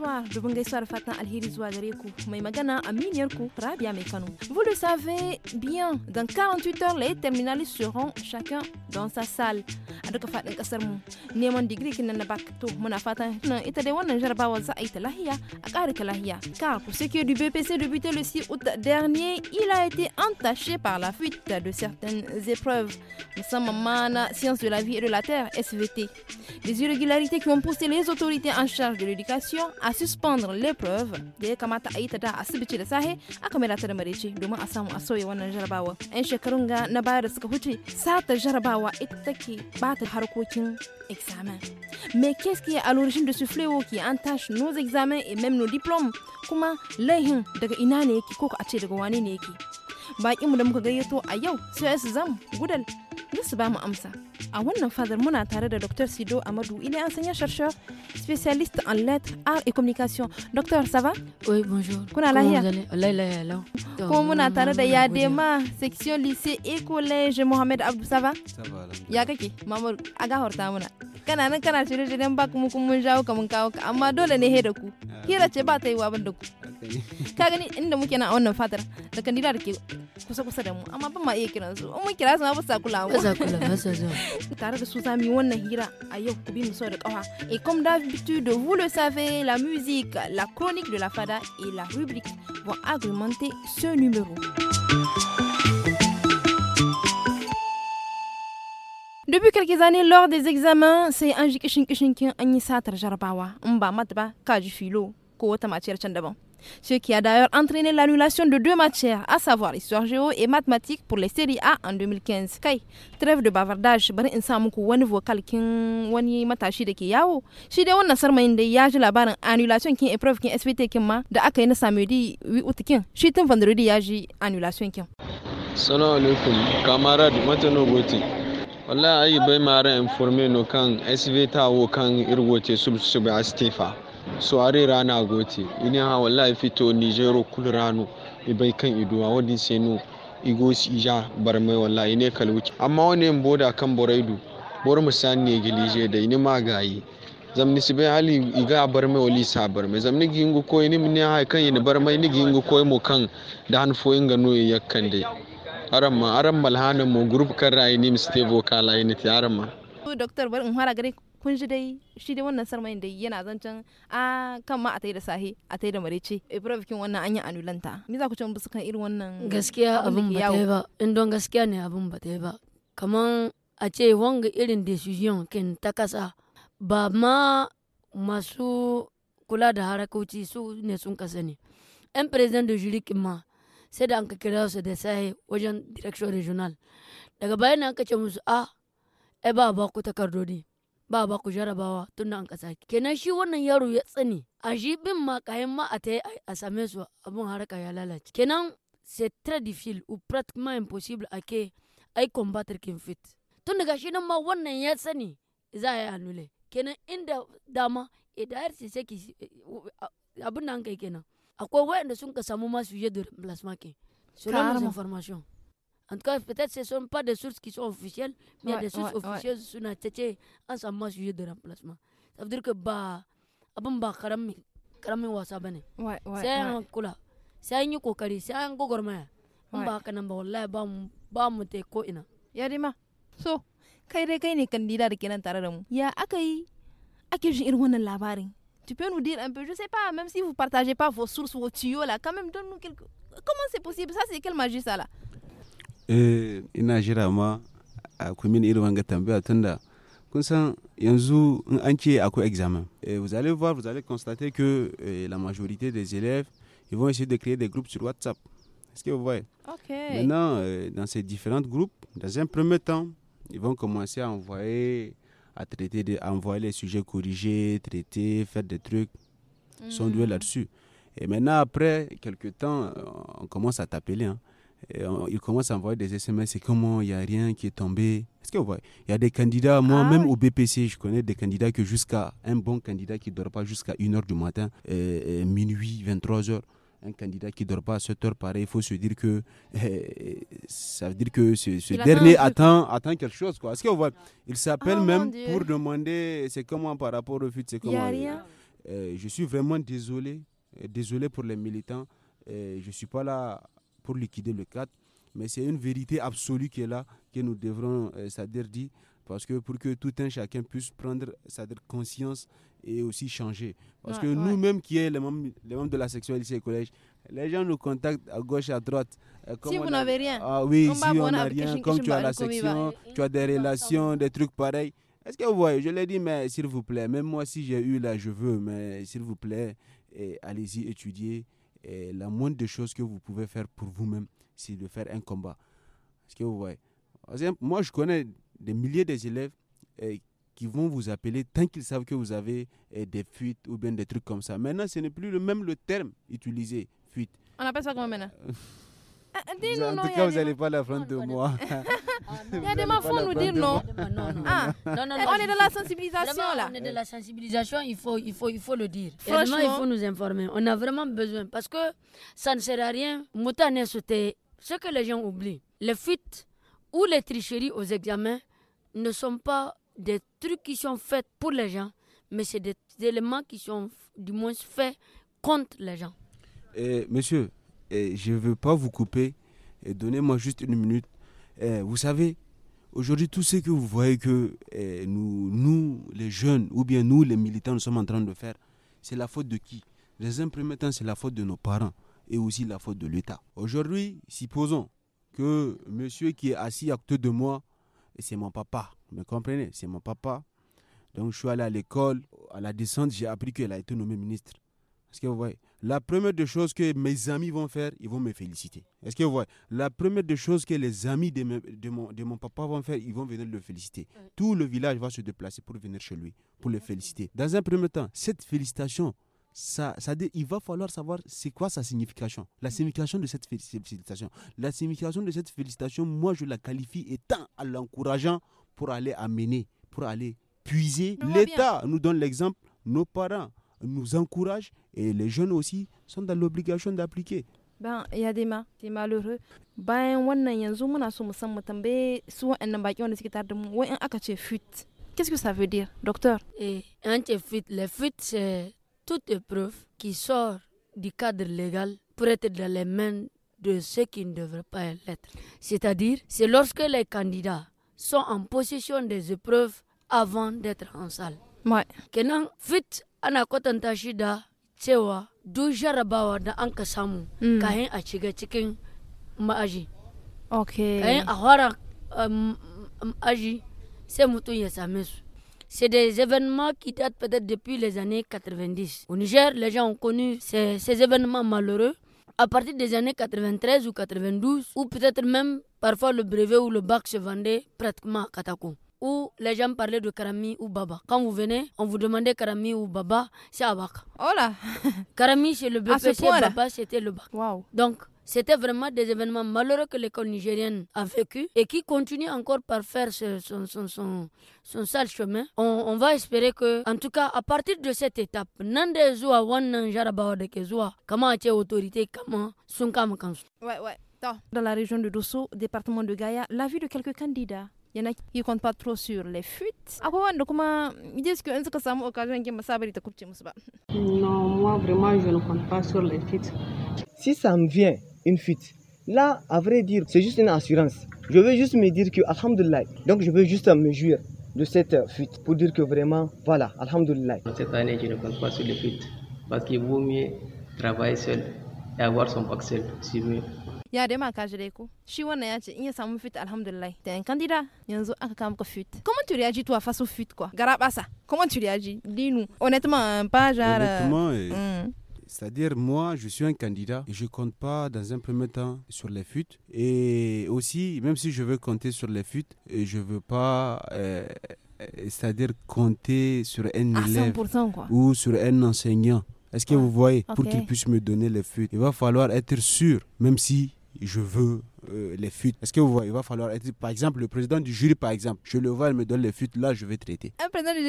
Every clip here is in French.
Vous le savez bien, dans 48 heures les terminales seront chacun dans sa salle. Car pour ce qui est du BPC débuté le 6 août dernier, il a été entaché par la fuite de certaines épreuves, Nous sommes sciences de la vie et de la terre SVT. Des irrégularités qui ont poussé les autorités en charge de l'éducation à a suspendre l'épreuve da ya kamata a yi ta da asibiti da sahe aka mai ta da marece domin a samu a sauya wannan jarabawa yan shekarun ga na baya da suka huce sata jarabawa ita take bata harkokin examen me ke ce a est da l'origine de ce fléau qui nos examen et même nos kuma laihin daga ina ne yake ko a ce daga wane ne yake bakinmu da muka gayyato a yau su zam gudal za su ba mu amsa A wannan fadar muna tare da Dr Sido Amadou, il est enseignant-chercheur, spécialiste en lettres, arts et communication. Docteur, ça va Oui, bonjour. Kuna lahiya? Ko muna tare da Yadema, section lycée et collège Mohamed Abdou, ça va? Ça va. Ya kake? Mamar, aga horta muna kana nan kana shirye-shiryen ba kuma kun mun jawo ka mun kawo ka amma dole ne he da ku hira ce ba ta yi wa da ku ka gani inda muke na wannan fatar da kandida da ke kusa-kusa da mu amma ban ma iya kiran su mun kira su ma ba sa kula mu ba sa kula ba sa zo tare da su za mu yi wannan hira a yau ku bi mu so da kafa et comme d'habitude vous le savez la musique la chronique de la fada et la rubrique vont agrémenter ce numéro. Depuis quelques années, lors des examens, c'est un jikishin kishin qui a mis mba matba, ka ko wata matière Ce qui a d'ailleurs entraîné l'annulation de deux matières, à savoir histoire géo et mathématiques pour les séries A en 2015. Kai, trêve de bavardage, bari insamu samu ku wani vocal kin wani matashi da ke yawo. Shi dai wannan sarmayin da ya ji labarin annulation kin épreuve kin SVT kin ma da aka yi na samedi 8 août kin. Shi tun vendredi ya ji annulation kin. Assalamu alaikum, camarade vous êtes. walla ayi bai mara informe no kan ta wo kan irgote subsube a stefa so are rana gote ina ha walla fito nigero kul rano e bai kan iduwa wadin sai no igo ija mai walla ine kalwuki amma wani boda kan boraidu bor musani ne gilije da ini yi zamni sibai hali iga mai wali sa mai zamni gingu ko ini min ha kan bar mai ni gingu ko mu kan da hanfoyin ga no yakkan dai aramma aramma malhanin mu group kan ra'ayi ni miste ta ayi ti aramma doctor bar in fara gare kun ji dai shi dai wannan sarmayin da yana can a kan ma a tai da sahi a tai da marece ibrahimin eh, wannan an yi anulanta ni za ku ce musu kan irin wannan gaskiya abin ba tai ba in don gaskiya ne abin ba tai ba kaman a ce wanga irin decision kin ta kasa ba ma masu kula da harakoci su ne sun kasa ne yan president da jirikin ma sai da an ka kira su da sahi wajen direction regional daga bayan an ka ce musu a ah, ai ba ba ku ne ba ba ku jarabawa tun da an ka kasa kenan shi wannan yaro ya tsani a shi bin ma kayan ma a ta yi a same su abun haraka ya lalace kenan c'est très difficile ou pratiquement impossible a ke ai combattre kin fit tun daga shi nan ma wannan ya sani za a yi annule kenan inda dama idayar eh, sai eh, abin da an kai kenan akwai waɗanda sun ka samu masu yi da remplacement kin selon nos informations en tout cas peut-être ce sont pas des sources qui sont officielles mais ouais, des sources ouais, officielles ouais. suna tace en samu masse yi remplacement ça veut dire que ba abin ba karamin karami wasa bane sai an C'est un an c'est kokari sai an c'est un ba On nan ba wallahi ba mu ba mu ko ina ya so kai dai kai ne kandida da kenan tare ya akai, yi ake jin irin wannan labarin tu peux nous dire un peu, je sais pas, même si vous partagez pas vos sources, vos tuyaux là, quand même donne-nous quelques. Comment c'est possible Ça c'est quelle magie ça là eh, ina jira examen. Eh, vous allez voir, vous allez constater que eh, la majorité des élèves, ils vont essayer de créer des groupes sur WhatsApp. Est-ce que vous voyez okay. Maintenant, dans ces différents groupes, dans un premier temps, ils vont commencer à envoyer à traiter, de, envoyer les sujets corrigés, traiter, faire des trucs. Son duel mm. là-dessus. Et maintenant, après quelques temps, euh, on commence à t'appeler. Hein. Ils commencent à envoyer des SMS. C'est comment il n'y a rien qui est tombé. Est-ce que vous voyez Il y a des candidats, moi, ah même au BPC, je connais des candidats que jusqu'à un bon candidat qui ne dort pas jusqu'à 1h du matin, minuit, 23h un candidat qui ne dort pas à 7 heures pareil, il faut se dire que eh, eh, ça veut dire que ce, dernier attend, attend, quelque chose. Quoi. Est-ce que voit Il s'appelle oh, même pour demander c'est comment par rapport au futur. Comment, eh, je suis vraiment désolé, désolé pour les militants. je ne suis pas là pour liquider le cadre, mais c'est une vérité absolue qui est là, que nous devrons, cest à parce que pour que tout un chacun puisse prendre sa conscience et aussi changer. Parce que nous-mêmes qui sommes les membres, les membres de la section lycée et collège, les gens nous contactent à gauche, à droite. Euh, si vous n'avez rien. Ah oui, si on n'a rien, comme tu as la section, tu as des relations, des trucs pareils. Est-ce que vous voyez, je l'ai dit, mais s'il vous plaît, même moi si j'ai eu là, je veux, mais s'il vous plaît, allez-y étudier. Et la moindre des choses que vous pouvez faire pour vous-même, c'est de faire un combat. Est-ce que vous voyez Moi, je connais des milliers d'élèves eh, qui vont vous appeler tant qu'ils savent que vous avez eh, des fuites ou bien des trucs comme ça. Maintenant, ce n'est plus le même le terme utilisé, fuite. On appelle ça comment maintenant euh, ah, ah nous en tout cas, vous n'allez pas la prendre de moi. Ah, il y a des mafons nous disent ah. non. non, non, On est de la sensibilisation là. On est de la sensibilisation, il faut, il faut, il faut le dire. Franchement, il faut nous informer. On a vraiment besoin parce que ça ne sert à rien. Moutane Ce que les gens oublient, les fuites ou les tricheries aux examens, ne sont pas des trucs qui sont faits pour les gens, mais c'est des éléments qui sont du moins faits contre les gens. et eh, monsieur, eh, je ne veux pas vous couper. et eh, Donnez-moi juste une minute. vous savez, aujourd'hui, tout ce que vous voyez que nous, les jeunes, ou bien nous, les militants, nous sommes en train de faire, c'est la faute de qui Les imprimés, c'est la faute de nos parents et aussi la faute de l'État. Aujourd'hui, supposons que monsieur qui est assis à côté de moi et c'est mon papa, vous me comprenez C'est mon papa. Donc je suis allé à l'école, à la descente, j'ai appris qu'elle a été nommée ministre. Est-ce que vous voyez La première des choses que mes amis vont faire, ils vont me féliciter. Est-ce que vous voyez La première des choses que les amis de, de, mon, de, mon, papa vont faire, ils vont venir le féliciter. Tout le village va se déplacer pour venir chez lui, pour le féliciter. Dans un premier temps, cette félicitation, ça, ça il va falloir savoir c'est quoi sa signification. La mhm. signification de cette félicitation. La signification de cette félicitation, moi, je la qualifie étant à l'encourageant pour aller amener, pour aller puiser. L'État nous donne l'exemple, nos parents nous encouragent et les jeunes aussi sont dans l'obligation d'appliquer. Ben, il y a des mains malheureux qu'est-ce que ça veut dire docteur eh, toute épreuve qui sort du cadre légal pour être dans les mains de ceux qui ne devraient pas l'être. C'est-à-dire, c'est lorsque les candidats sont en possession des épreuves avant d'être en salle. Ouais. Kenan fit ana kwatanta shi da cewa duk jarabawa da an ka samu mm. kahin kayan a cikin ma'aji. Okay. Kahin a hora um, um, aji sai c'est des événements qui datent peut-être depuis les années 90. Au Niger, les gens ont connu ces, événements malheureux à partir des années 93 ou 92, ou peut-être même parfois le brevet ou le bac se vendait pratiquement à Ou où les gens parlaient de Karami ou Baba. Quand vous venez, on vous demandait Karami ou Baba, c'est Bac. Oh là Karami, c'est le BPC, Baba, c'était le bac. Wow. C'était vraiment des événements malheureux que l'école nigérienne a vécu et qui continue encore par faire son, sale chemin. On, va espérer que, en tout cas, à partir de cette étape, Nande Zoua, Wanan de comment est autorité, Ouais, ouais. Dans la région de Dosso, département de Gaïa, l'avis de quelques candidats il y en a qui ne comptent pas trop sur les fuites. ils disent que Non, moi vraiment je ne compte pas sur les fuites. Si ça me vient, une fuite, là à vrai dire c'est juste une assurance. Je veux juste me dire que Alhamdulillah, donc je veux juste me jouir de cette euh, fuite pour dire que vraiment voilà, Alhamdulillah. Cette année je ne compte pas sur les fuites parce qu'il vaut mieux travailler seul et avoir son pack seul, c'est mieux ya da ka shi ya ce in ya samu fit alhamdulillah kandida yanzu aka fit comment tu réagis toi face au fit quoi comment tu réagis dis-nous honnêtement hein, pas genre honnêtement, eh. mm. C'est-à-dire, moi, je suis un candidat et je ne compte pas dans un premier temps sur les fuites. Et aussi, même si je veux compter sur les fuites, je ne veux pas, euh, c'est-à-dire, compter sur un élève ou sur un enseignant. Est-ce que vous voyez Pour qu'il puisse me donner les fuites, il va falloir être sûr, même si je veux euh, les fuites. Est-ce que vous voyez, il va falloir être, par exemple, le président du jury, par exemple, je le vois, il me donne les fuites, là, je vais traiter.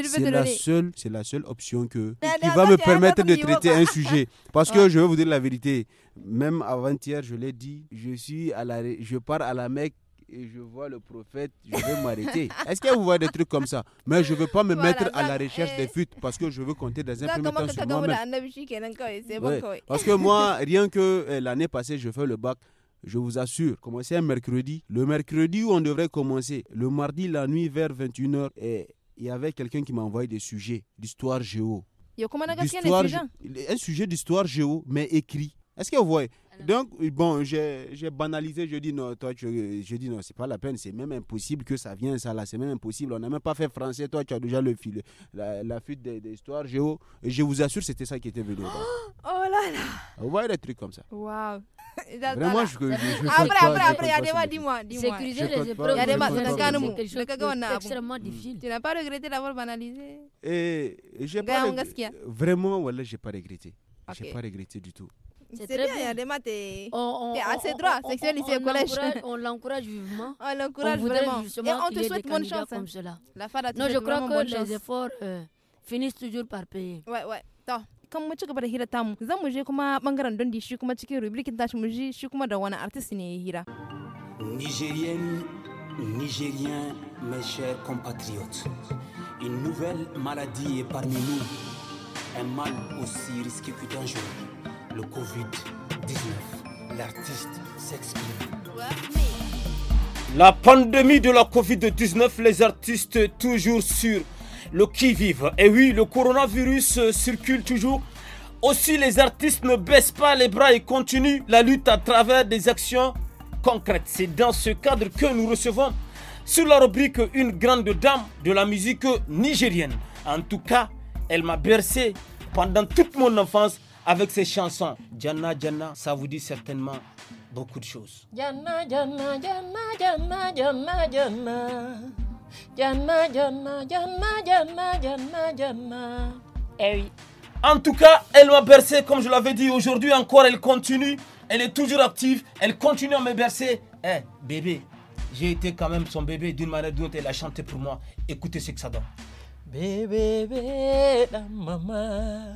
C'est la seule, c'est la seule option que qui va me permettre de traiter un sujet. Parce que je vais vous dire la vérité. Même avant-hier, je l'ai dit, je suis à la, je pars à la Mecque et je vois le prophète, je vais m'arrêter. Est-ce que vous voyez des trucs comme ça Mais je ne veux pas me mettre à la recherche des eh. fuites parce que je veux compter dans un premier temps sur moi-même. Parce que moi, rien que eh, l'année passée, je fais le bac, je vous assure, commencer un mercredi. Le mercredi où on devrait commencer, le mardi, la nuit vers 21h, eh, et il y avait quelqu'un qui m'a envoyé des sujets d'histoire géo. Un sujet d'histoire géo, mais écrit. Est-ce que vous voyez donc, bon, j'ai banalisé, je dis non, toi, je dis non, c'est pas la peine, c'est même impossible que ça vienne, ça là, c'est même impossible. On n'a même pas fait français, toi, tu as déjà le fil, la, fuite des, histoires, je vous assure, c'était ça qui était venu. Oh, là là Vous voyez des trucs comme ça. Waouh Vraiment, je, je, je ah, Après, pas, après, après, dis-moi. Dis Sécuriser les épreuves, c'est quelque hmm. difficile. Tu n'as pas regretté d'avoir banalisé Et eh, j'ai pas. Vraiment, voilà, j'ai pas regretté. je n'ai pas regretté du tout. C'est très bien, bien. Yadema, on, on, droit. à ses droits, ici au collège. On l'encourage vivement. On l'encourage vivement. Et on te souhaite bonne chance. Hein. Comme cela. La fin non, je crois que les efforts euh, finissent toujours par payer. Ouais, ouais. Tant. kan mu ci gaba da hira tamu zan mu je kuma bangaren dondi shi kuma cikin rubrikin tashi mu ji shi kuma da wani artist ne ya hira Nigérienne, Nigérien, mes chers compatriotes, une nouvelle maladie est parmi nous, un mal aussi risqué que dangereux le Covid-19. L'artiste s'exprime. La pandémie de la Covid-19, les artistes toujours sur le qui-vive. Et oui, le coronavirus circule toujours. Aussi, les artistes ne baissent pas les bras et continuent la lutte à travers des actions concrètes. C'est dans ce cadre que nous recevons sur la rubrique Une grande dame de la musique nigérienne. En tout cas, elle m'a bercé pendant toute mon enfance avec ses chansons. Janna Janna, ça vous dit certainement beaucoup de choses. Janna Janna Janna Janna Janna Janna Janna Janna Janna Janna Janna Eh oui. En tout cas, elle m'a bercé, comme je l'avais dit aujourd'hui encore, elle continue. Elle est toujours active, elle continue à me bercer. Eh, bébé, j'ai été quand même son bébé d'une manière ou d'une autre, elle a chanté pour moi. Écoutez ce que ça donne. Bébé, bébé, la maman.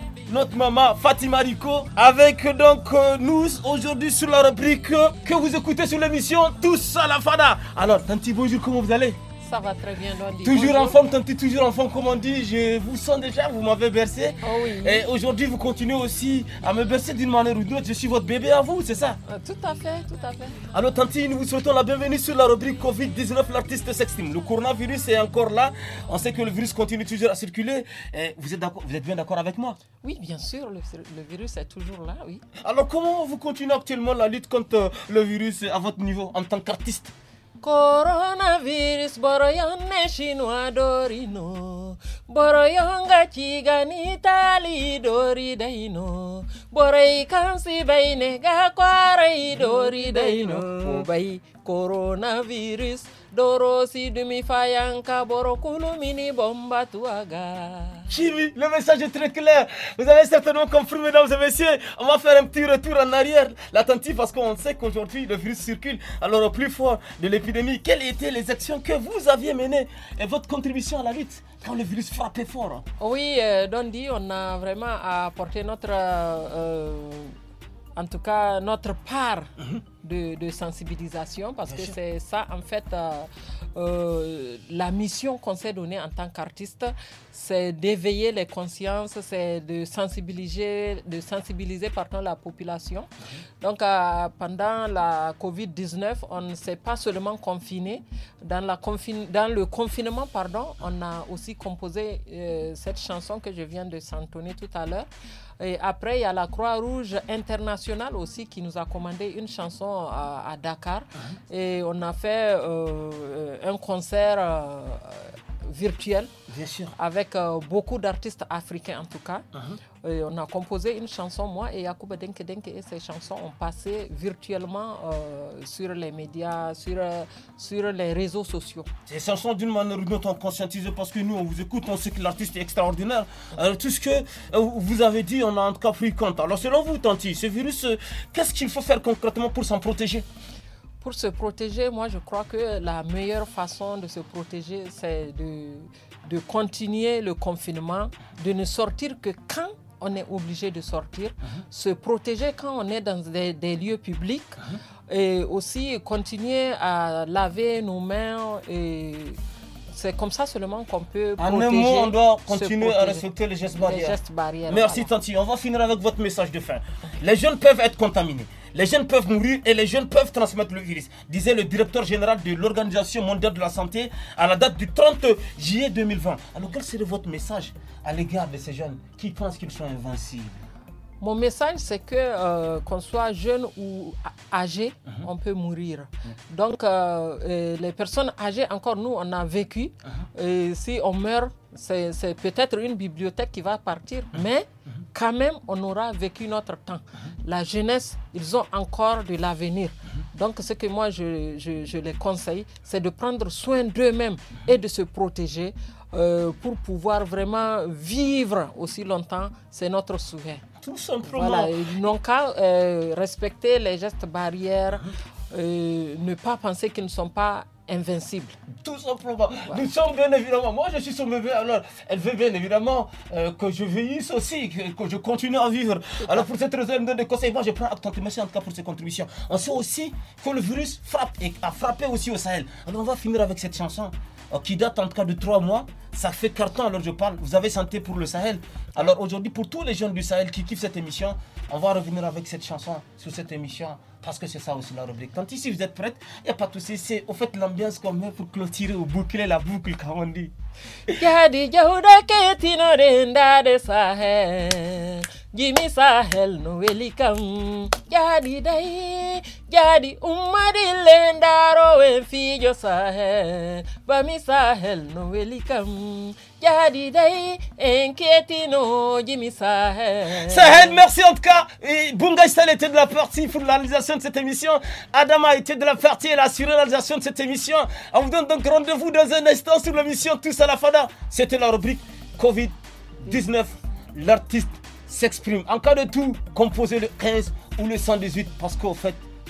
notre maman Fatima Rico, avec donc euh, nous aujourd'hui sur la rubrique euh, que vous écoutez sur l'émission Tous à la Fada. Alors, tanti bonjour, comment vous allez ça va très bien, Toujours en forme, Tanti, toujours en forme, comme on dit. Je vous sens déjà, vous m'avez bercé. Oh Et aujourd'hui, vous continuez aussi à me bercer d'une manière ou d'une autre. Je suis votre bébé à vous, c'est ça euh, Tout à fait, tout à fait. Alors, Tanti, nous vous souhaitons la bienvenue sur la rubrique Covid-19, l'artiste s'extime. Le coronavirus est encore là. On sait que le virus continue toujours à circuler. vous, êtes vous êtes bien d'accord avec moi Oui, bien sûr, le, virus est toujours là, oui. Alors, comment vous continuez actuellement la lutte contre euh, le virus à votre niveau en tant qu'artiste coronavirus boroyon yon neshin wadorino boro yonga chiganitali doridaino boro ikansi baine ga kwarai doridaino obai coronavirus Dorosi Dumifayanka bomba le message est très clair. Vous avez certainement compris, mesdames et messieurs. On va faire un petit retour en arrière, l'attentif, parce qu'on sait qu'aujourd'hui, le virus circule. Alors, au plus fort de l'épidémie, quelles étaient les actions que vous aviez menées et votre contribution à la lutte quand le virus frappait fort Oui, euh, Dondi, on a vraiment apporté notre. Euh, euh, en tout cas notre part mhm. de, sensibilisation parce que c'est ça en fait euh, euh, la mission qu'on s'est donnée en tant qu'artiste, c'est d'éveiller les consciences, c'est de sensibiliser, de sensibiliser la population. Mhm. Donc euh, pendant la Covid-19, on ne s'est pas seulement confiné, dans, la le confinement, pardon, on a aussi composé cette chanson que je viens de s'entonner tout à l'heure. Et après, il y a la Croix-Rouge internationale aussi qui nous a commandé une chanson à, Dakar. Ah. Et on a fait euh, euh, un concert. Euh, virtuel, Bien sûr. Avec euh, beaucoup d'artistes africains en tout cas. Uh-huh. on a composé une chanson, moi et Yakouba Denke Denke, et ces chansons ont passé virtuellement euh, sur les médias, sur, euh, sur les réseaux sociaux. Ces chansons, d'une manière ou d'une autre, ont conscientisé parce que nous, on vous écoute, on sait que l'artiste est extraordinaire. Alors, tout ce que vous avez dit, on a en tout cas pris compte. Alors, selon vous, Tanti, ce virus, qu'est-ce qu'il faut faire concrètement pour s'en protéger pour se protéger, moi je crois que la meilleure façon de se protéger, c'est de, de continuer le confinement, de ne sortir que quand on est obligé de sortir, mhm. se protéger quand on est dans des, lieux publics mhm. et aussi continuer à laver nos mains. Et c'est comme ça seulement qu'on peut. En un mot, on doit continuer à respecter les gestes barrières. Merci Tanti. On va finir avec votre message de fin. Les jeunes peuvent être contaminés. Les jeunes peuvent mourir et les jeunes peuvent transmettre le virus, disait le directeur général de l'Organisation mondiale de la santé à la date du 30 juillet 2020. Alors quel serait votre message à l'égard de ces jeunes qui pensent qu'ils sont invincibles mon message, c'est que euh, qu'on soit jeune ou âgé, mhm. on peut mourir. Mhm. Donc, euh, les personnes âgées, encore nous, on a vécu. Mhm. et si on meurt, c'est peut-être une bibliothèque qui va partir, hein? mais hein? quand même, on aura vécu notre temps. Hein? La jeunesse, ils ont encore de l'avenir. Donc, ce que moi, je, les conseille, c'est de prendre soin d'eux-mêmes et de se protéger euh, pour pouvoir vraiment vivre aussi longtemps. C'est notre souhait. Tout simplement. Voilà, ils n'ont qu'à euh, respecter les gestes barrières, euh, ne pas penser qu'ils ne sont pas invincible. Tout simplement. Nous sommes bien évidemment, moi je suis son bébé, alors elle veut bien évidemment euh, que je vieillisse aussi, que, je continue à vivre. Alors pour cette raison, elle me donne des conseils. Moi je prends acte, merci en tout cas pour ses contributions. On sait aussi que le virus frappe et a frappé aussi au Sahel. Alors on va finir avec cette chanson qui date en tout cas de trois mois. Ça fait ans alors je parle. Vous avez santé pour le Sahel. Alors aujourd'hui, pour tous les jeunes du Sahel qui kiffent cette émission, on va revenir avec cette chanson sur cette émission parce que c'est ça aussi la rubrique. Tant ici, vous êtes prête, il n'y a pas de souci. C'est au fait l'ambiance qu'on met pour clôturer ou boucler la boucle, comme on dit sahel sahel sahel merci en tout cas et Sal était de la partie pour la réalisation de cette émission Adama était de la partie Et a assuré la réalisation de cette émission on vous donne donc rendez-vous dans un instant sur l'émission Tous à la Fada c'était la rubrique Covid-19 l'artiste s'exprime en cas de tout composez le 15 ou le 118 parce qu'au fait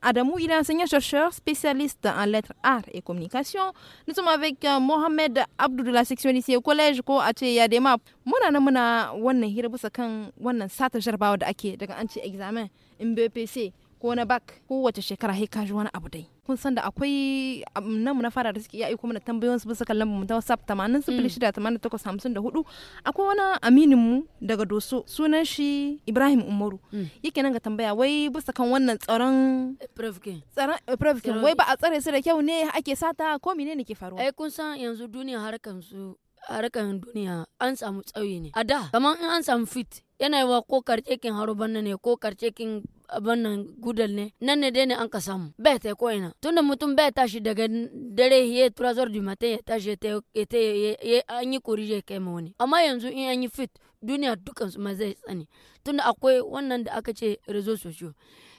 Adamou, il est enseignant-chercheur, spécialiste en lettres, arts et communication. Nous sommes avec euh, Mohamed Abdou de la section lycée au collège ko a ce ya Je suis na muna wannan hira bisa kan wannan sata jarabawa da ake daga an examen in BPC ko na BAC ko wace shekara sai ka ji abu kun san da akwai mu na fara da suke iya aiko mana tambayoyin su bisa kallon mu ta WhatsApp 80 06 88 54 akwai wani aminin mu daga Doso sunan shi Ibrahim Umaru mm. yake nan ga tambaya wai bisa kan wannan tsaron Prevkin tsaron Prevkin wai ba a tsare su da kyau ne ake sata ko menene ke faruwa ai kun san yanzu duniya harkan su harkar duniya an samu tsauye ne a da kamar in an samu fit yana wa ko kin haro banna ne ko kin banna gudal ne nan ne dai ne an ka samu bai ta ko ina tunda mutum bai tashi daga dare ya turazor du matin ya tashi ya ta ya an yi kori ya kai ma wani amma yanzu in an yi fit duniya dukan su ma zai tsani tunda akwai wannan da aka ce rezo socio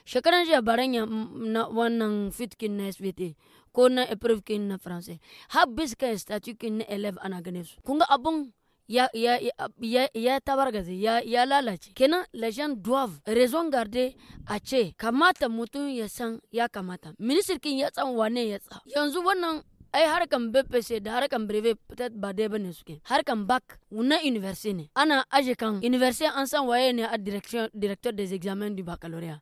shekaran jiya baranya mm, na wannan fitkin na svt ko e na epreuve kin na français har ka statut kin na élève ana ganesu su kun ga abun ya, ya, ya, ya tabargaze ya, ya lalace kenan les gens doivent raison garder a ce kamata mutum ya san ya kamata kin ya tsan wane ya tsa yanzu wannan ai harkan BPC da harkan breve peut-être ba dai bane suke harkan bac na university ne ana aje kan university an san waye ne a direction directeur des examens du baccalauréat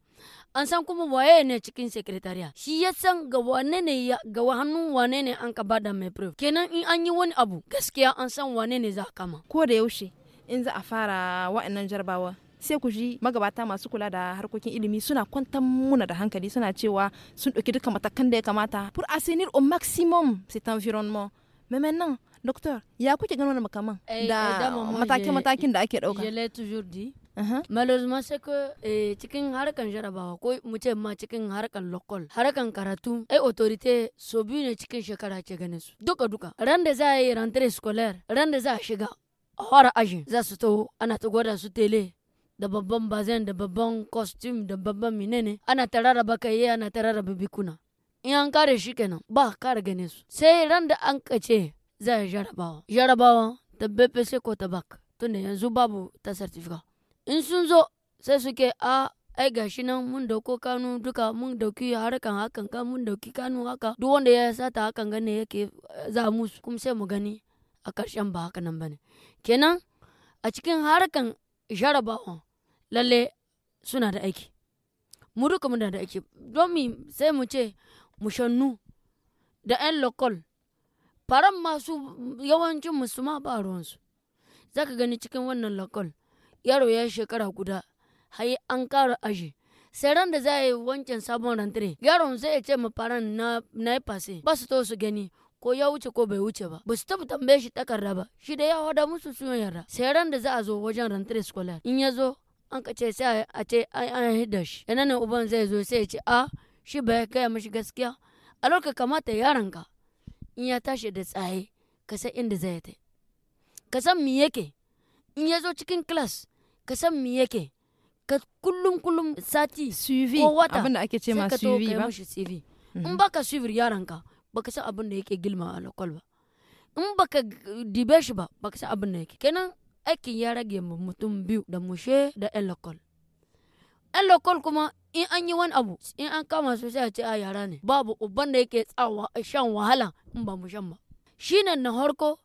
an san kuma waye ne cikin sekretariya shi ya san ga wane ne ga hannun wane ne an ka bada mai proof kenan in an yi wani abu gaskiya an san wane ne za kama ko da yaushe in za a fara wa'annan jarabawa sai ku ji magabata masu kula da harkokin ilimi suna kwantar muna da hankali suna cewa sun ɗauki duka matakan da ya kamata pour assainir au maximum cet environnement mais maintenant docteur ya kuke gano eh, da makaman eh, da matakin matakin da ake ɗauka Malheureusement c'est que cikin harkan jarabawa ko mu ce ma cikin harkan lokol harkan karatu ai autorité so biyu ne cikin shekara ce ganin su duka duka ran da za a yi rentrée scolaire ran da za a shiga a fara za su to ana ta gwada su tele da babban bazen da babban costume da babban menene ana ta raraba kai ana ta raraba bikuna in an kare shi kenan ba kare ganin su sai ran da an kace za a jarabawa jarabawa ta bpc ko ta bak tunda yanzu babu ta certificate in sun zo sai suke a ai gashi nan mun dauko kanu duka mun dauki harkan hakan ka mun dauki kanu haka duk wanda ya sata hakan gane yake za mu kuma sai mu gani a karshen ba haka nan bane kenan a cikin harkan jarabawa lalle suna da aiki mu duka muna da aiki domin sai mu ce mu shannu da 'yan lokal faran masu yawancin musuma ba ruwansu za ka gani cikin wannan lokal yaro ya shekara guda har an kara aji sai ran da za a yi wancan sabon rantare yaron zai ya ce ma faran na yi fase ba su to su gani ko ya wuce ko bai wuce ba ba su taɓa tambaye shi takarda ba shi da ya hada musu sun yarda sai ran da za a zo wajen rantare scholar in ya zo an ka ce sai a ce an hidda shi yana ne uban zai zo sai ya ce a shi bai gaya mashi gaskiya a lokacin kamata yaronka in ya tashi da tsaye ka san inda zai ta ka san me yake in ya zo cikin class ka san me yake ka kullum kullum sati suivi ko wata abin da ake ce ma suivi ba mishi CV mm-hmm. in baka suivi yaran ka baka san abin da yake gilma a lokal ba in baka dibe shi ba baka san abin da yake kenan aikin ya rage mu mutum biyu da mushe da yan lokal yan lokal kuma in an yi wani abu in an kama su sai a ce a yara ne babu uban da yake tsawa shan wahala in ba mu shan ba shi na harko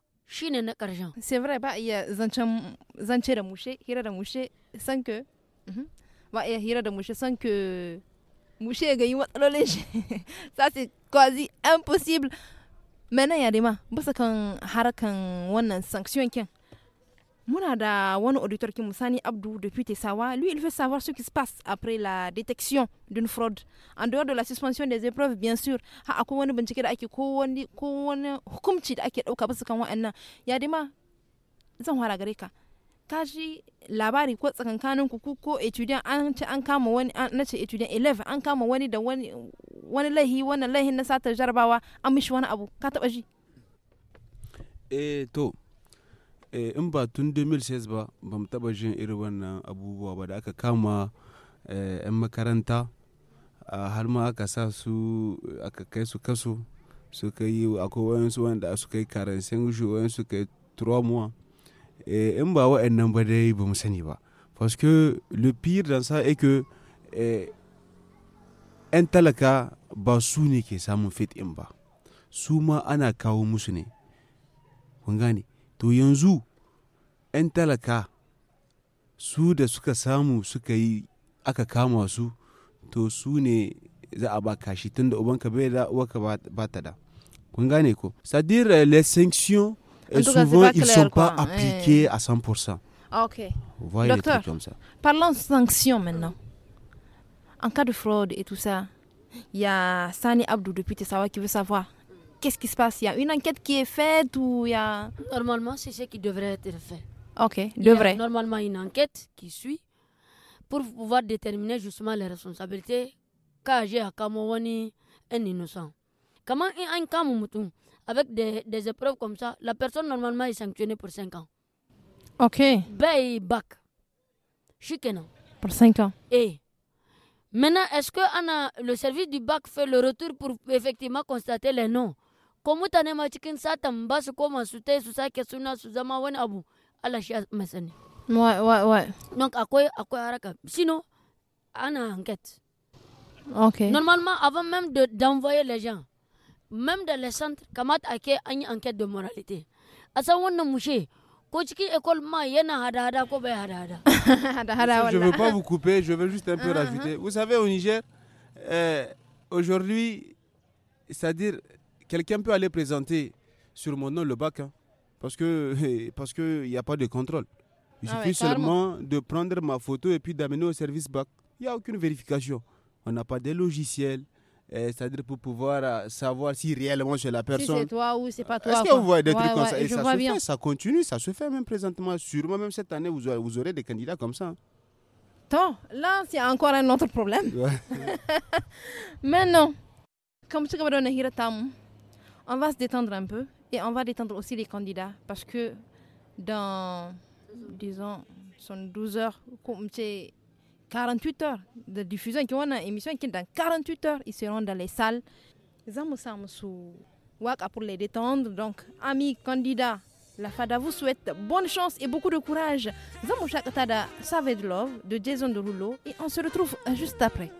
ne na ƙarshen c'est vrai ba iya zance da mushe hira da mushe san ke mhm, ba iya hira da mushe san ke mushe ga yi matsalolin shi Sa c'est quasi impossible Mena ya dima, basa kan harkan wannan sanction kin Muna da wani auditeur qui musani Abdou depuis sawa Lui, il veut savoir ce qui se passe après la détection d'une fraude. En dehors de la suspension des épreuves, bien sûr. Ha akwai wani bincike da ake ko wani ko wani da ake dauka su kan wa'annan. Ya dima zan fara gare ka. Ka ji labari ko tsakankanin ku ko etudiant an ce an kama wani na ce etudiant 11 an kama wani da wani wani laihi wani laihin na satar jarabawa an mishi wani abu ka taba ji? Eh to Eh, in ba tun 2006 ba ba mu taba jin irin wannan abubuwa ba da aka kama 'yan eh, makaranta har ma aka sa su aka kai su kaso ka yi akwai wayansu wanda suka yi karansin shi wayansu ka yi trauma eh, in ba nan ba dai ba mu sani ba parce que le pire dans ça est que yan talaka ba su ne ke samun fit in ba su ma ana kawo musu ne kun gane to yanzu 'yan talaka su da suka samu suka yi aka kama su to su ne za a ba kashi tun ubanka bai da ba ta da kun gane ko cest dire les sanctions et euh, souvent ils sont pas appliqués à 100% ah, ok voilà docteur parlons sanctions maintenant en cas de fraude et tout ça il Sani Abdou depuis Tessawa qui veut savoir qu'est-ce qui se passe Il y a une enquête qui est faite ou il y a... Normalement, c'est ce qui devrait être fait. Ok, devrait. normalement une enquête qui suit pour pouvoir déterminer justement les responsabilités KG à un innocent. Comment un avec des, des, épreuves comme ça, la personne normalement est sanctionnée pour 5 ans. Ok. Bay bac. Chikena. Pour 5 ans. Et maintenant, est-ce que Anna, le service du bac fait le retour pour effectivement constater les noms ko mutane ma cikin satan ba su koma su tai su sake suna su zama wani abu Allah shi mai sani wai wai wai donc akwai akwai haraka sino ana enquête okay normalement avant même de d'envoyer les gens même dans les centres kamata ake an yi enquête de moralité a san wannan mushe ko cikin école ma yana hada-hada ko bai hada-hada hada-hada je veux pas vous couper je veux juste un peu uh-huh. rajouter vous savez au Niger euh, aujourd'hui c'est-à-dire quelqu'un peut aller présenter sur mon nom le bac, hein, parce que parce qu'il n'y a pas de contrôle. Il ah suffit seulement de prendre ma photo et puis d'amener au service bac. Il n'y a aucune vérification. On n'a pas de logiciels, euh, C'est-à-dire pour pouvoir euh, savoir si réellement c'est la personne. Si c'est toi ou c'est pas toi. Est-ce que vous voyez des trucs comme ça Et ça se fait, ça continue, ça se fait même présentement. Sûrement, même cette année, vous aurez, des candidats comme ça. Hein. Tant, là, c'est encore un autre problème. Mais non, comme tu as dit, on va se détendre un peu et on va détendre aussi les candidats parce que dans, disons, 12 heures, 48 heures de diffusion, qui ont une émission qui est dans 48 heures, ils seront dans les salles. pour les détendre. Donc, amis candidats, la FADA vous souhaite bonne chance et beaucoup de courage. Zamu Save Savage Love de Jason Rouleau et on se retrouve juste après.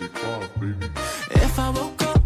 baby. If I woke up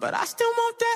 but I still want that.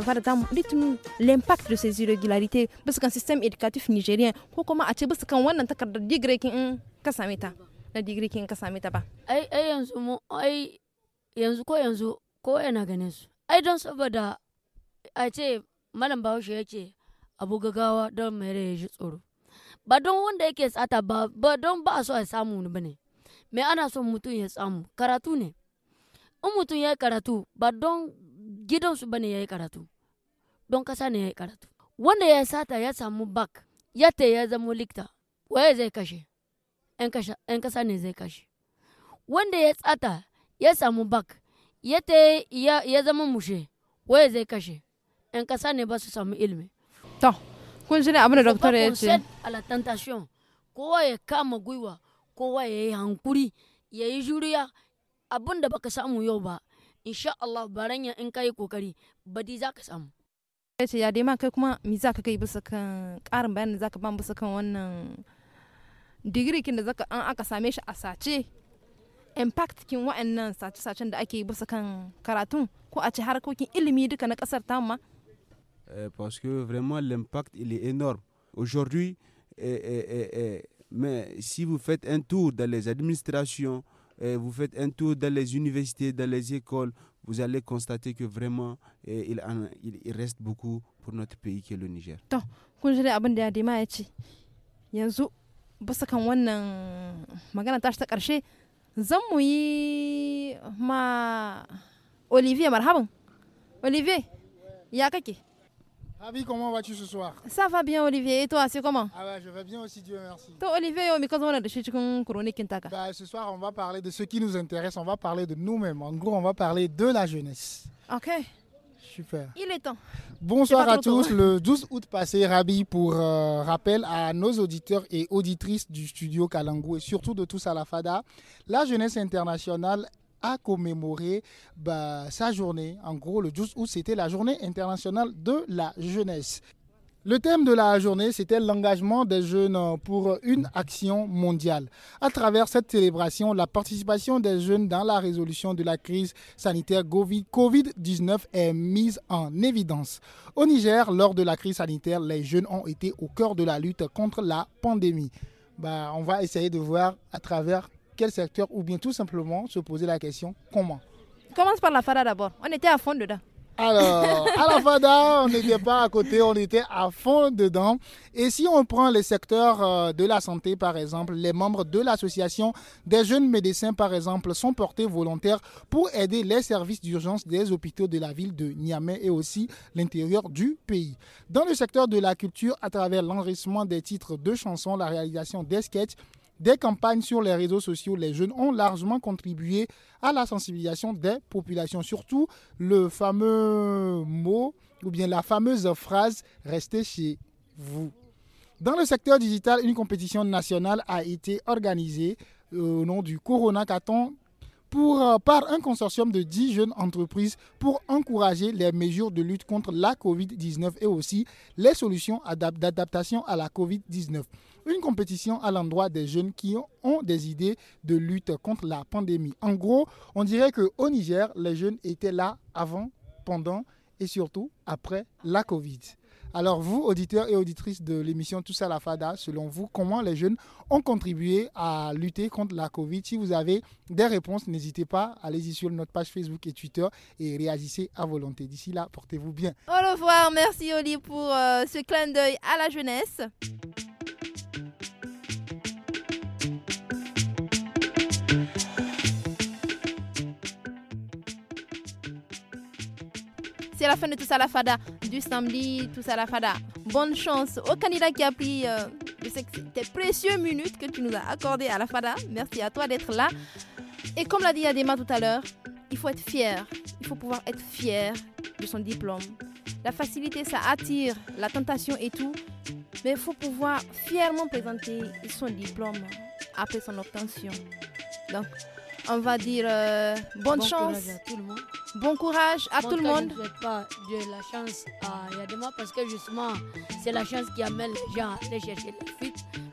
wannan fara zamu litinin l'impact de ces irrégularités parce qu'un système éducatif nigérien ko kuma a ce bisa kan wannan takardar digire kin in mm, ka same ta na digire kin ka same ta ba ai ai yanzu mu ai yanzu ko yanzu ko yana ganin su ai don saboda a ce malam bahaushe ya ce abu gagawa don mai rai ya ji tsoro ba don wanda yake tsata ba ba don ba a so a samu ba ne me ana son mutum ya samu karatu ne in mutum ya karatu ba don gidansu bane ya yi karatu don kasa ne ya yi karatu wanda ya sata ya samu bak ya ta ya zama likta waye zai kashe yan kasa ne zai kashe wanda ya tsata ya samu bak ya ta ya zama mushe waye zai kashe yan kasa ne ba su samu ilimi to kun ji ne abin da doktor ya ce kowa ya kama gwiwa kowa ya yi hankuri ya yi juriya abin da baka samu yau ba insha Allah baranya in ka yi kokari badi za ka samu ce ya dai ma kai kuma misa za ka kai bisa kan karin bayanin za ka ban bisa kan wannan digirikin da zaka an aka same shi a sace impact kin wa'annan sace-sacen da ake yi bisa kan karatun ko a ci harkokin ilimi duka na kasar ta ma eh, parce que vraiment l'impact il est énorme aujourd'hui eh, eh, eh, eh, mais si vous faites un tour dans les administrations Euh, vous faites un tour dans les universités, dans les écoles, vous allez constater que vraiment euh, il, reste beaucoup pour notre pays qui est le Niger. Olivier Olivier Rabi, comment vas-tu ce soir Ça va bien, Olivier. Et toi, c'est comment Ah ouais, je vais bien aussi, Dieu merci. Toi, Olivier, ce soir, on va parler de ce qui nous intéresse. On va parler de nous-mêmes. En gros, on va parler de la jeunesse. Ok. Super. Il est temps. Bonsoir à tous. Le 12 août passé, Rabi, pour euh, rappel à nos auditeurs et auditrices du studio Kalangou et surtout de tous à la FADA, la jeunesse internationale a commémoré bah, sa journée. En gros, le 12 août, c'était la journée internationale de la jeunesse. Le thème de la journée, c'était l'engagement des jeunes pour une action mondiale. À travers cette célébration, la participation des jeunes dans la résolution de la crise sanitaire Covid-19 est mise en évidence. Au Niger, lors de la crise sanitaire, les jeunes ont été au cœur de la lutte contre la pandémie. Bah, on va essayer de voir à travers quel secteur ou bien tout simplement se poser la question comment. commence par la FADA d'abord. On était à fond dedans. Alors, à la FADA, on n'était pas à côté, on était à fond dedans. Et si on prend les secteurs euh, de la santé, par exemple, les membres de l'association des jeunes médecins, par exemple, sont portés volontaires pour aider les services d'urgence des hôpitaux de la ville de Niamey et aussi l'intérieur du pays. Dans le secteur de la culture, à travers l'enrichissement des titres de chansons, la réalisation des sketchs, des campagnes sur les réseaux sociaux, les jeunes ont largement contribué à la sensibilisation des populations. Surtout le fameux mot ou bien la fameuse phrase Restez chez vous. Dans le secteur digital, une compétition nationale a été organisée euh, au nom du Corona Caton pour, euh, par un consortium de 10 jeunes entreprises pour encourager les mesures de lutte contre la COVID-19 et aussi les solutions d'adaptation à la COVID-19 une compétition à l'endroit des jeunes qui ont des idées de lutte contre la pandémie. En gros, on dirait qu'au Niger, les jeunes étaient là avant, pendant et surtout après la Covid. Alors vous, auditeurs et auditrices de l'émission Tous à la Fada, selon vous, comment les jeunes ont contribué à lutter contre la Covid Si vous avez des réponses, n'hésitez pas, allez-y sur notre page Facebook et Twitter et réagissez à volonté. D'ici là, portez-vous bien. Au revoir, merci Oli pour euh, ce clin d'œil à la jeunesse. fin de tout ça la fada du samedi, tout ça la fada. Bonne chance au candidat qui a pris euh, précieux minutes que tu nous as accordé à la fada. Merci à toi d'être là. Et comme l'a dit Adema tout à l'heure, il faut être fier. Il faut pouvoir être fier de son diplôme. La facilité, ça attire la tentation et tout. Mais il faut pouvoir fièrement présenter son diplôme après son obtention. Donc, on va dire euh, bonne chance. Bon courage à tout le monde. Je ne souhaite pas de la chance à Yadema parce que justement, c'est la chance qui amène les gens à aller chercher la fuite.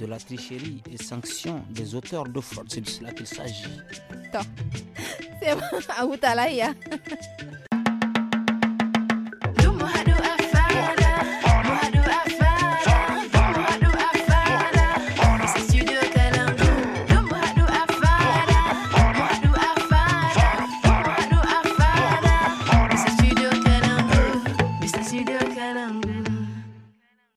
de la tricherie et sanction des auteurs de fraude. C'est de cela qu'il s'agit.